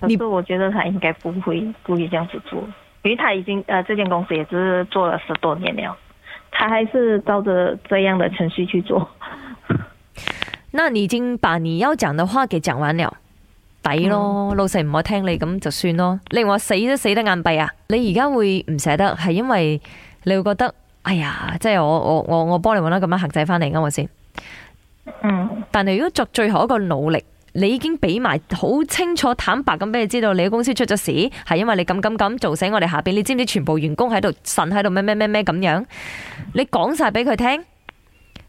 不過我覺得他應該不會故意這樣子做，因為佢已經，呃這間公司也是做了十多年了，他還是照着這樣的程序去做。嗯、那你已經把你要講的話給講完了，抵咯，老細唔好聽你咁就算咯，你話死都死得眼閉啊！你而家會唔捨得，係因為你會覺得，哎呀，即係我我我幫我幫你搵得咁樣客仔翻嚟啊，嘛，先，嗯，但係如果作最後一個努力。你已經俾埋好清楚，坦白咁俾你知道，你嘅公司出咗事，係因為你咁咁咁做死我哋下邊，你知唔知全部員工喺度呻喺度咩咩咩咩咁樣？你講晒俾佢聽，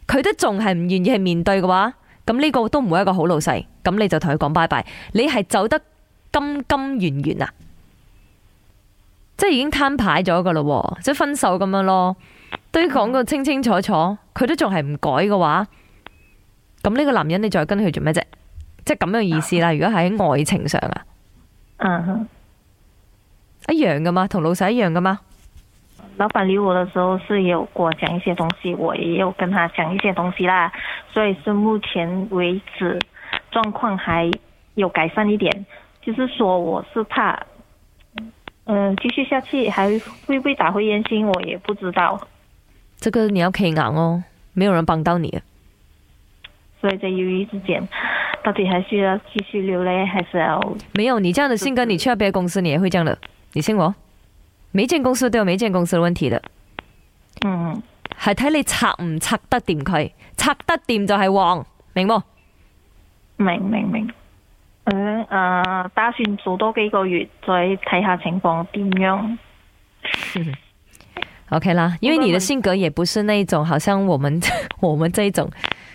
佢都仲係唔願意去面對嘅話，咁呢個都唔會一個好老細。咁你就同佢講拜拜，你係走得金金圓圓啊！即係已經攤牌咗噶咯，即係分手咁樣咯。對你講個清清楚楚，佢都仲係唔改嘅話，咁呢個男人你再跟佢做咩啫？即係咁嘅意思啦，如果喺愛情上啊，嗯、uh -huh.，一樣嘅嘛，同老細一樣嘅嘛。老闆理我嘅時候是有過講一些東西，我也有跟他講一些東西啦，所以是目前為止狀況還有改善一點。就是說，我是怕，嗯，繼續下去還會不會打回原形，我也不知道。這個你要企硬哦，沒有人幫到你。所以在猶豫之間。到底還需要繼續留咧，還是要？沒有你這樣的性格，你去到別公司你也會這樣的。你信我？每間公司都有每間公司的問題的。嗯，係睇你拆唔拆得掂佢，拆得掂就係旺，明冇？明白明明、嗯呃。打算做多幾個月，再睇下情況點樣。 OK 啦，因為你的性格也不是那一種，好像我們我們這一種。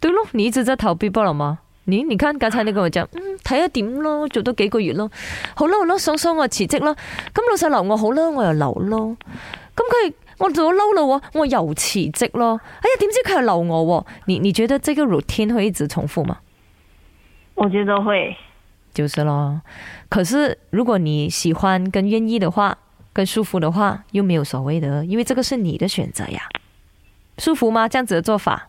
對咯，你一直在逃避不了嘛，你你看剛才那個嗯，睇下點咯，做多幾個月咯，好了好了爽爽我咯，我好我咯，想想我辭職咯。咁老細留我好啦，我又留咯，咁佢我做咗嬲啦，我又辭職咯，哎呀，點知佢又留我，你你覺得這個 routine 會一直重複嗎？我覺得會，就是咯，可是如果你喜歡跟願意的話，跟舒服的話，又沒有所謂的，因為這個是你的選擇呀，舒服嗎？這樣子的做法？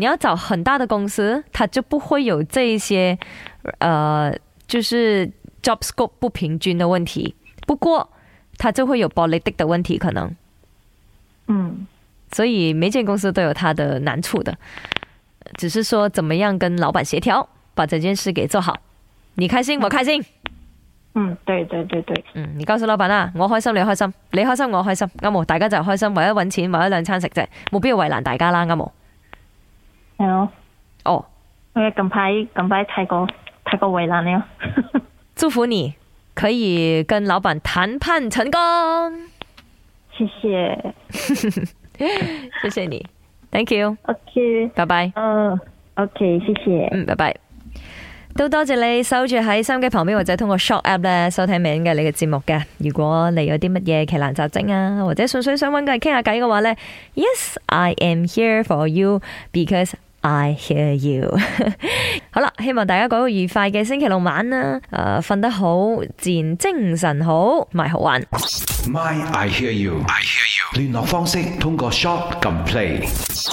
你要找很大的公司，他就不會有這一些，呃，就是 job scope 不平均的問題。不過，他就會有 politic 的問題可能。嗯，所以每間公司都有他的難處的，只是說怎麼樣跟老闆協調，把這件事給做好，你開心我開心。嗯，對對對對，嗯，你告訴老闆啦、啊，我開心你開心，你開心我開心，啱大家就開心，為咗搵錢，為咗兩餐食啫，冇必要為難大家啦，啱係咯，哦，我近排近排睇過睇過圍你了。祝福你可以跟老闆談判成功。謝謝， 謝謝你，Thank you。OK，拜拜。嗯，OK，謝謝。嗯，拜拜。都多謝你收住喺收音機旁邊或者通過 Show App 咧收聽名嘅你嘅節目嘅。如果你有啲乜嘢奇難雜症啊，或者純粹想揾個人傾下偈嘅話呢 Yes, I am here for you because I hear you。好啦，希望大家過個愉快嘅星期六晚啦。誒，瞓得好，自然精神好，咪好玩。My I hear you。I hear you。聯絡方式通過 short game play。